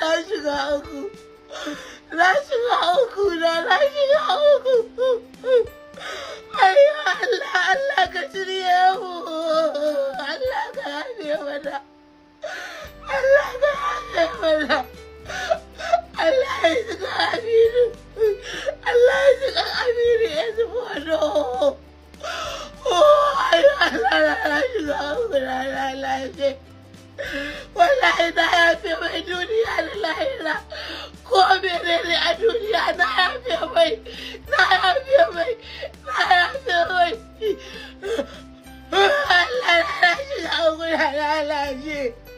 na shiga uku na shiga uku na na shiga uku ayyo Allah Allah ka shirye mu Allah ka hane mana Allah ka hane mana Allah ya shiga aminu Allah ya shiga aminu ya zubo no Oh, I, I, I, I, I, na I, I, ina yafe mai duniya da lahira ko menene a duniya na yafe mai na yafe mai na yafe mai Allah ya shi a wuya na lafiya